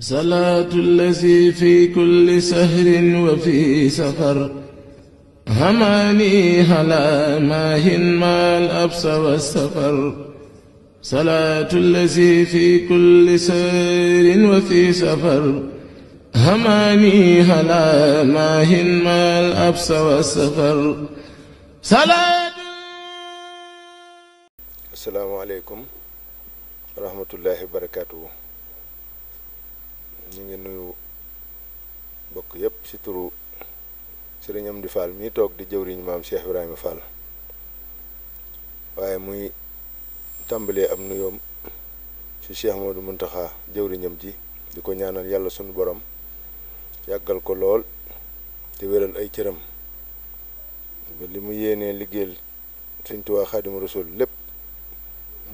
صلاة الذي في كل سهر وفي سفر هماني هلا ماهن ما الأبس والسفر صلاة الذي في كل سهر وفي سفر هماني هلا ماهن ما الأبس والسفر صلاة السلام عليكم ورحمة الله وبركاته ñu ngi nuyu bokk yépp ci turu Serigne Amdi Fall mii toog di jëwriñ maam Cheikh Ibrahima Fall waaye muy tàmbalee am nuyoom ci Cheikh Modou Muntaxa jëwriñam ji di ko ñaanal yàlla sunu borom yàggal ko lool te wéral ay cëram ba li mu yéenee liggéey Sëriñ Tuubaa Xaadimu Rasuul lépp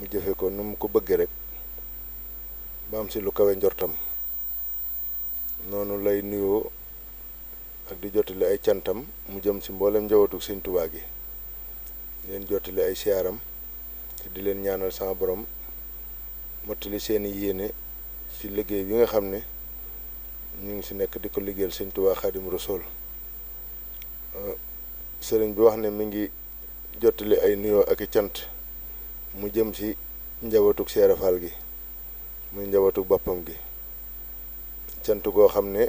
mu jëfe ko nu mu ko bëggee rek ba am si lu kawe njortam noonu lay nuyoo ak di jottali ay cantam mu jëm si mboolem njabootu sëñ Tuubaa gi di leen jottali ay siyaaram te di leen ñaanal sama borom mottali seeni yéene ci liggéey bi nga xam ne ñu ngi si nekk di ko liggéeyal sëñ Tuubaa Xaadim Rasuul euh, sëriñ bi wax ne mi ngi jottali ay nuyoo ak i cant mu jëm ci njabootu Seera gi muy njabootu boppam gi cant goo xam ne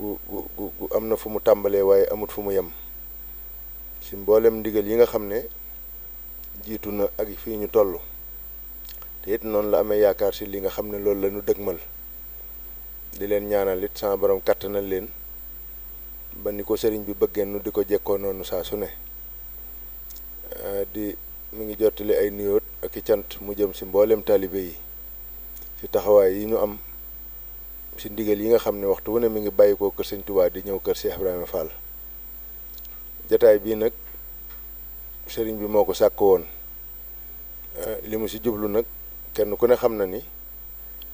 gu gu gu am na fu mu tàmbalee waaye amut fu mu yem si mboolem ndigal yi nga xam ne jiitu na ak fii ñu toll te it noonu la amee yaakaar si li nga xam ne loolu la ñu dëgmal di leen ñaanal it sama borom kàttanal leen ba ni ko sëriñ bi bëggee nu di ko jekkoo noonu saa su ne di mu ngi jottali ay nuyoot ak i cant mu jëm si mboolem taalibe yi ci taxawaay yi ñu am. si ndigal yi nga xam ne waxtu wu ne mi ngi bàyyi ko kër sëñ Tuubaa di ñëw kër Cheikh Ibrahima Fall jataay bii nag sëriñ bi moo ko sàkk woon eh, li mu si jublu nag kenn ku ne xam na ni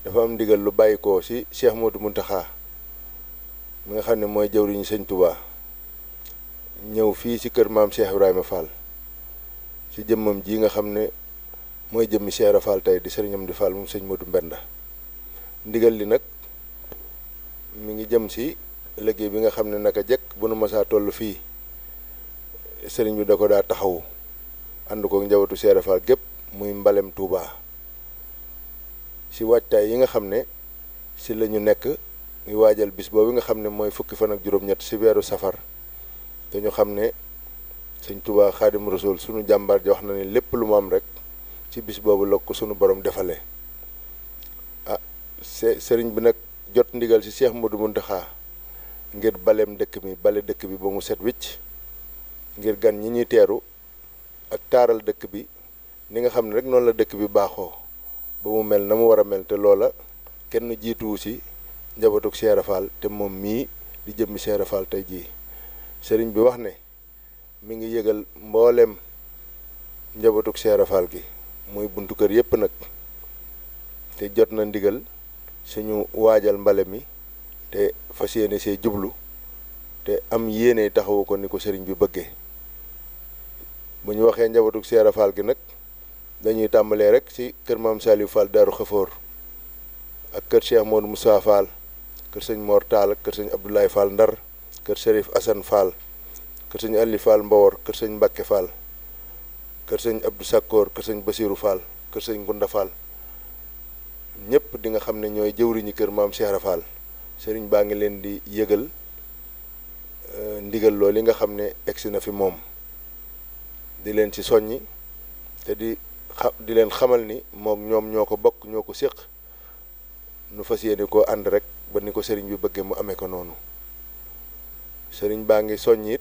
dafa am ndigal lu bàyyi ko si Cheikh Modou Mountakha xam ne mooy jëwriñu sëñ Tuubaa ñëw fii si kër maam Cheikh Ibrahima Fall si jëmmam ji nga xam ne mooy jëmmi Cheikh Ibra Fall di sëriñam di Fall moom sëñ Modou Mbenda ndigal li nag. mi ngi jëm si liggéey bi nga xam ne naka jekk bu nu masaa toll fii sëriñ bi da ko daa taxawu ànd ko njabootu Cheikh Fall gépp muy mbalem Touba si waajtaay yi nga xam ne si la ñu nekk ngi waajal bis boobu nga xam ne mooy fukki fan ak juróom-ñett si weeru safar te xam ne sëñ Touba Xaadim Rasul suñu jàmbaar ji wax na ni lépp lu mu am rek ci bis boobu la ko sunu borom defalee ah sëriñ bi nag. jot ndigal ci Cheikh Modou Mountakha ngir baleem dëkk bi bale dëkk bi ba mu set wicc ngir gan ñi ñuy teeru ak taaral dëkk bi ni nga xam ne rek noonu la dëkk bi baaxoo ba mu mel na mu war a mel te loola kenn jiituwu si njabootug Cheikh Rafal te moom mii di jëmmi Cheikh Rafal tey jii sëriñ bi wax ne mi ngi yëgal mbooleem njabootug Cheikh Rafal gi mooy buntu kër yépp nag te jot na ndigal suñu waajal mbale mi te fas yéene see jublu te am yéene taxawu ko ni ko sëriñ bi bëggee bu ñu waxee njabootu Seera Fall gi nag dañuy tàmbalee rek ci kër maam Saliou Fall Daaru Xafoor ak kër Cheikh Modou Moussa Fall kër sëñ moor Tall ak kër sëñ Abdoulaye Fall Ndar kër Serif Assane Fall kër sëñ Ali Fall kër sëñ Mbacke Fall kër sëñ Abdou Sakkoor ñëpp di nga xam ne ñooy jëwriñu kër maam Cheikh Rafal sëriñ baa ngi leen di yëgal euh, ndigal loolu li nga xam ne egsi na fi moom di leen ci soññi te di xa di leen xamal ni moom ñoom ñoo ko bokk ñoo ko séq nu fas yéene ko ànd rek ba ni ko sëriñ bi bëggee mu amee ko noonu sëriñ baa ngi soññ it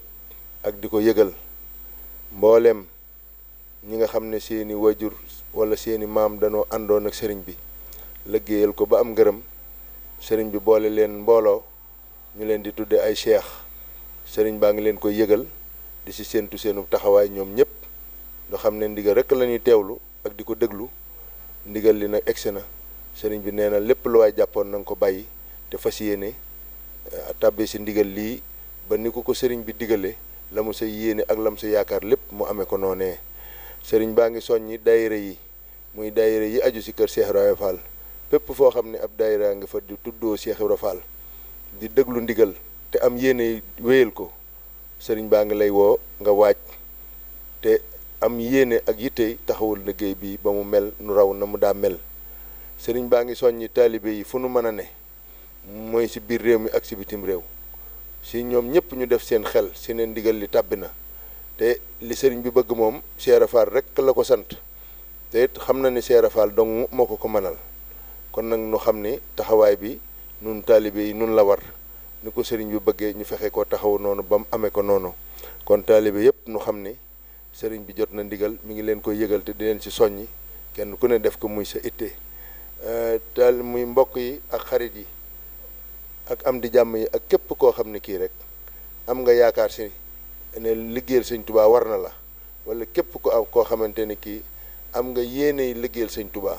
ak di ko yëgal mbooleem ñi nga xam ne seeni wajur wala seeni maam danoo àndoon ak sëriñ bi liggéeyal ko ba am ngërëm sëriñ bi boole leen mbooloo ñu leen di tuddee ay cheikh sëriñ baa ngi leen koy yëgal di si séentu seenu taxawaay ñoom ñëpp ñu xam ne ndigal rek lañuy teewlu ak di ko déglu ndigal li nag egsi na sëriñ bi nee na lépp lu waay jàppoon na ko bàyyi te fas yéene eh, tàbbee ci ndigal lii ba ni ko ko sëriñ bi digale la mu sa yéene ak la mu sa yaakaar lépp mu amee ko noonee sëriñ baa ngi soññi daayira yi muy daayira yi aju si kër Cheikh Ibrahima pépp foo xam ne ab daayira nga fa di tuddoo Cheikh Ibra Fall di déglu ndigal te am yéene wéyal ko sëriñ baa ngi lay woo nga waaj te am yéene ak yitte taxawul liggéey bi ba mu mel nu raw na mu daa mel sëriñ baa ngi soññi taalibe yi fu nu mën a ne mooy si biir réew mi ak si bitim réew si ñoom ñëpp ñu def seen xel si ne ndigal li tàbbi na te li sëriñ bi bëgg moom Cheikh Ibra rek la ko sant te xam na ni Cheikh Ibra dong moo ko ko mënal kon nag nu xam ne taxawaay bi nun taalibe yi nun la war ni ko sëriñ bi bëggee ñu fexe ko taxaw noonu ba mu amee ko noonu kon taalibe yëpp nu xam ni sëriñ bi jot na ndigal mu ngi leen ko yëgal te di leen ci soññi kenn ku ne def ko muy sa itte euh, taal muy mbokk yi ak xarit yi ak am di jàmm yi ak képp koo xam ne kii rek am nga yaakaar si ne liggéeyal sëñ tubaa war na la wala képp ko am koo xamante ne kii am nga yéene liggéeyal sëñ tubaa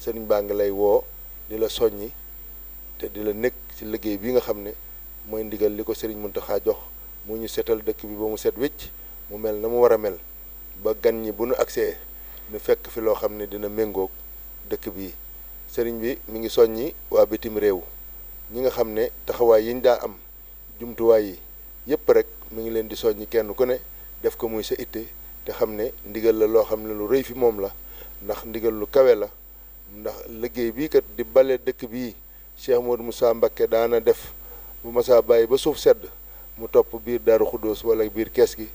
sëriñ baa ngi lay woo di la soññi te di la nekk ci liggéey bii nga xam ne mooy ndigal li ko sëriñ Muntaxa jox mu ñu setal dëkk bi ba mu set wécc mu mel na mu war a mel ba gan ñi bu nu agsee ñu fekk fi loo xam ne dina méngoog dëkk bi sëriñ bi mi ngi soññi waa bitim réew ñi nga xam ne taxawaay yi daa am jumtuwaay yi yépp rek mu ngi leen di soññi kenn ku ne def ko muy sa itte te xam ne ndigal la loo xam ne lu rëy fi moom la ndax ndigal lu kawe la ndax liggéey bii kat di bale dëkk bii Cheikh Modou saa Mbacké daana def bu masaa bàyyi ba suuf sedd mu topp biir Daaru Xuddoos walla biir kees gi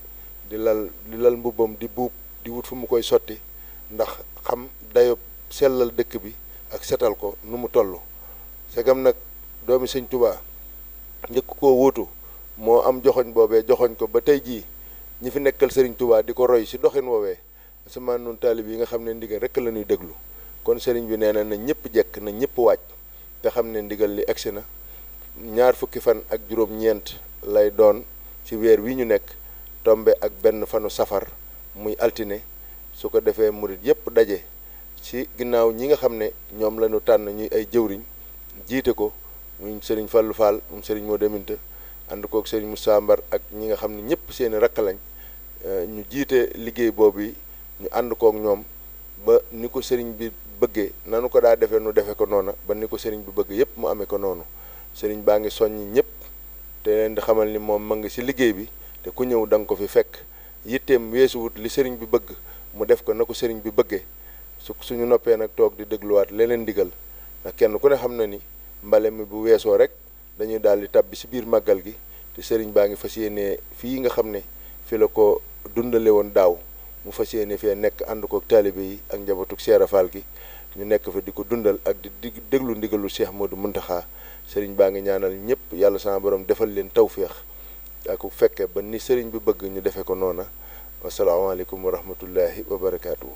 di lal di lal mbubbam di buub di wut fu mu koy sotti ndax xam dayo sellal dëkk bi ak setal ko nu mu toll segam nag doomi sëñ Touba njëkk koo wuutu moo am joxoñ boobee joxoñ ko ba tey jii ñi fi nekkal sëriñ Touba di ko roy si doxin woowee asamaan nun taalib yi nga xam ne ndigal rek la ñuy déglu kon sëriñ bi nee na na ñëpp jekk na ñëpp wàcc te xam ne ndigal li egsi na ñaar fukki fan ak juróom-ñeent lay doon ci weer wi ñu nekk tombe ak benn fanu safar muy altine su ko defee murit yëpp daje si ginnaaw ñi nga xam ne ñoom la tànn ñuy ay jëwriñ jiite ko muy sëriñ Fallou Fall moom sëriñ moo deminta ànd kook sëriñ mu Mbar ak ñi nga xam ne ñëpp seen i rakk lañ ñu jiite liggéey boobu yi ñu ànd kook ñoom ba ni ko sëriñ bi bëggee nanu ko daa defee nu defee ko noona ba ni ko sëriñ bi bëgg yépp mu amee ko noonu sëriñ baa ngi soññ ñépp te di xamal ni moom mag ngi ci liggéey bi te ku ñëw da ko fi fekk yitteem weesuwut li sëriñ bi bëgg mu def ko na ko sëriñ bi bëggee su suñu noppee nag toog di dégluwaat leneen ndigal ndax kenn ku ne xam na ni mbale mi bu weesoo rek dañuy daal di tàbbi si biir màggal gi te sëriñ baa ngi fas yéenee fii nga xam ne fi la ko dundale woon daaw mu fas yéene fee nekk ànd ko taalibe yi ak njabootug Seera gi ñu nekk fa di ko dundal ak di di déglu ndigalu Cheikh Modou Muntaxa sëriñ baa ngi ñaanal ñëpp yàlla sama boroom defal leen tawféex ak bu fekkee ba ni sëriñ bi bëgg ñu defee ko noona wasalaamaaleykum wa rahmatullahi wa barakaatu.